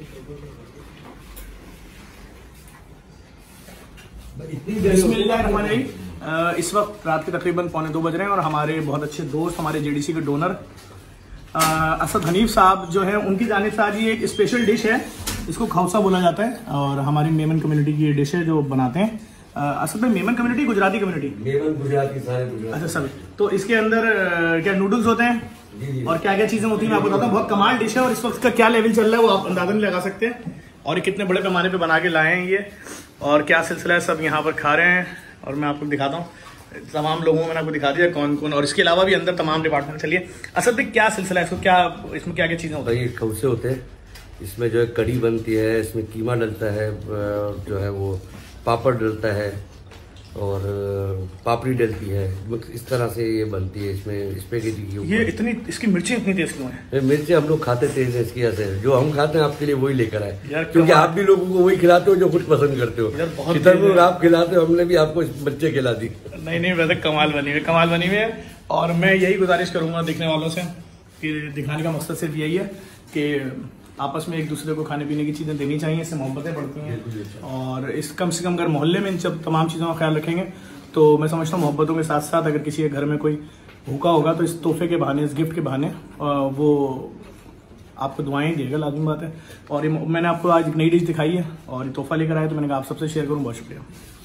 इस वक्त रात के तकरीबन पौने दो बज रहे हैं और हमारे बहुत अच्छे दोस्त हमारे जेडीसी के डोनर असद हनीफ साहब जो हैं उनकी जानब से आज ये एक स्पेशल डिश है इसको खौसा बोला जाता है और हमारी मेमन कम्युनिटी की ये डिश है जो बनाते हैं असद में मेमन कम्युनिटी गुजराती कम्युनिटी मेमन गुजराती सारे अच्छा सर तो इसके अंदर क्या नूडल्स होते हैं और क्या क्या चीजें होती है मैं बताता हूँ बहुत कमाल डिश है और इस वक्त का क्या लेवल चल रहा है वो आप अंदाजा नहीं लगा सकते और और कितने बड़े पैमाने पे बना के लाए हैं ये और क्या सिलसिला है सब यहाँ पर खा रहे हैं और मैं आपको दिखाता हूँ तमाम लोगों को मैंने आपको दिखा दिया कौन कौन और इसके अलावा भी अंदर तमाम डिपार्टमेंट चलिए असल में क्या सिलसिला है इसको क्या इसमें क्या क्या चीज़ें होती है खौसे होते हैं इसमें जो है कड़ी बनती है इसमें कीमा डलता है जो है वो पापड़ डलता है और पापड़ी डलती है इस तरह से ये बनती है इसमें स्पेगेटी की ये इतनी इसकी मिर्ची इतनी तेज क्यों है मिर्ची हम लोग खाते तेज है इसकी वजह जो हम खाते हैं आपके लिए वही लेकर आए क्योंकि आप भी लोगों को वही खिलाते हो जो कुछ पसंद करते हो को आप खिलाते हो हमने भी आपको बच्चे खिला दी नहीं नहीं वैसे कमाल बनी हुई कमाल बनी हुई है और मैं यही गुजारिश करूंगा देखने वालों से कि दिखाने का मकसद सिर्फ यही है कि आपस में एक दूसरे को खाने पीने की चीज़ें देनी चाहिए इससे मोहब्बतें बढ़ती हैं और इस कम से कम अगर मोहल्ले में इन सब तमाम चीज़ों का ख्याल रखेंगे तो मैं समझता हूँ मोहब्बतों के साथ साथ अगर किसी के घर में कोई भूखा होगा तो इस तोहफे के बहाने इस गिफ्ट के बहाने वो आपको दुआएं देगा लाजमी बात है और मैंने आपको आज एक नई डिश दिखाई है और तोहफा लेकर आया तो मैंने कहा आप सबसे शेयर करूँ बहुत शुक्रिया